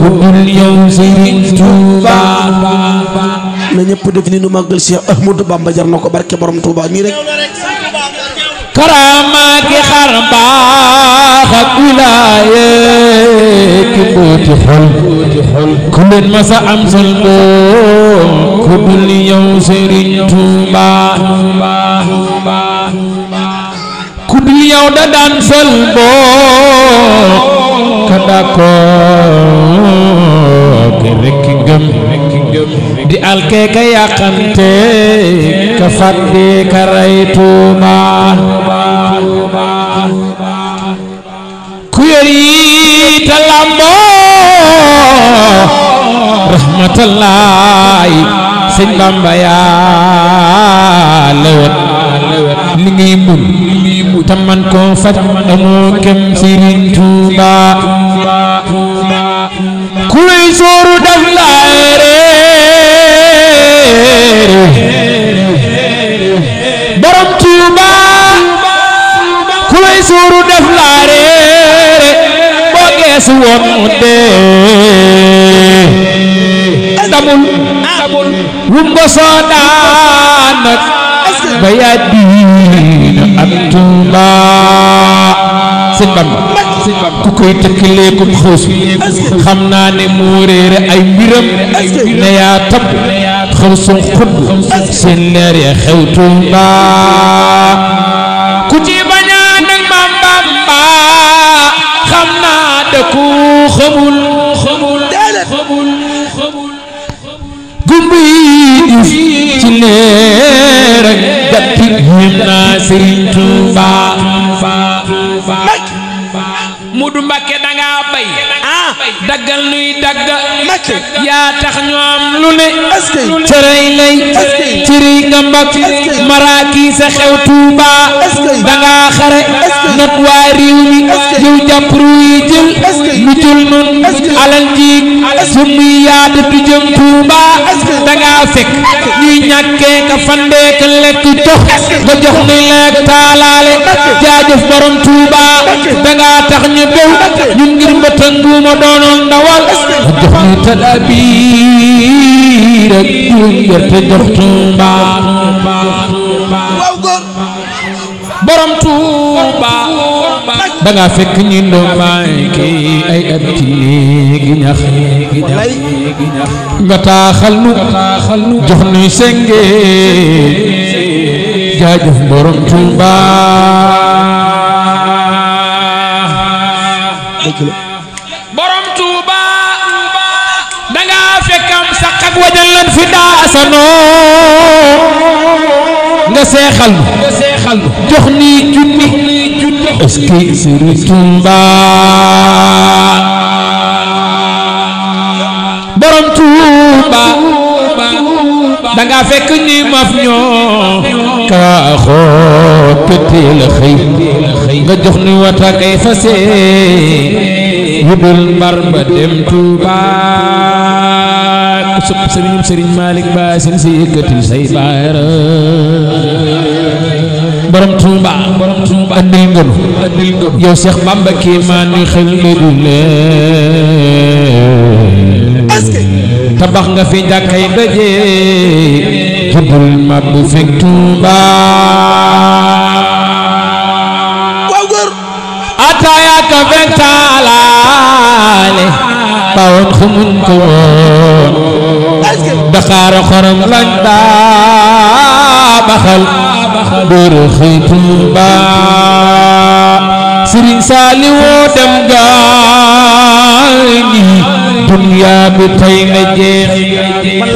kubbul yow Serigne Touba. na ñëpp def ni nu màggal Cheikh Ahmadou Bamba jar na ko barke borom Touba nii rek. karama ki xar baax ak wilaaye ki mbooti xol ku leen masa am sol boo ku dul yow Serigne Touba. ku dul yow da daan sol boo ka d'accord rek gëm di alkee ka ka fàddi ka rey tuuma ku yor yi te làmboo Bamba yaa lewet li ngay mun te man koo faj Tuuba kuley sóoru daf lay reere borom Tuuba kuley sóoru daf lay reere boo geesu woon mu dee damul wumbo soodaanak ba yaa diina ak Tuuba sëñ Bamba ku koy tëkkalee ku xuus xam naa ne moo réere ay mbiram ne yaa tab xaw sun xudd seen leer xew Tuuba ku ci bañaa nag Bamba xam naa da ku xamul gumb yi ci leer ak gàtt yem naa Sëriñ Tuuba Moodu Mbàkke dangaa bay ah daggal nuy dagg Mbàkke yaa tax ñu am lu ne cërëy lay cëriy nga mbag maraaki xew Tuuba dangaa xare not waa réew mi yow jàpp ruuy jël nu jël nun alal ji su muy yaatu du jëm Touba danga fekk ñuy ñàkkee ka fandee ka lekk jox nga jox nu lekk taalaale jaajëf borom Touba danga tax ñu béw ñun ngir mbëtt nduuma doonoon ndawal nga jox nu tadaabiir ak juum jox Touba da nga fekk ñi ndomaay ki ay at ci néegi ñax nga taaxal nu jox nuy senge jaajëf borom borom Tuuba da nga fekkam sax ak wajal lan fi daa asanoo nga seexal nu jox ni junni est-ce que Serigne Touba borom Touba danga fekk ni maf ñoo ka xoo pëteel xëy nga jox ni wata kay fase yëbal mbar ba dem Touba sëpp sëriñum Sëriñ Malick Ba sin si yëkkatil say baara borom Touba borom Touba andil ngënu andil ngënu yow Cheikh Bamba kii maa tabax nga fi jàkkay daje jubul ma bu fekk Touba waaw góor ataaya ka fekk taalaale bawoon xamuñ ko woon daxaara xorom lañ daa baxal bërëxëy Tuuba Sëriñ Saaliwoo dem gaal gi duniyaa bi tey na jeex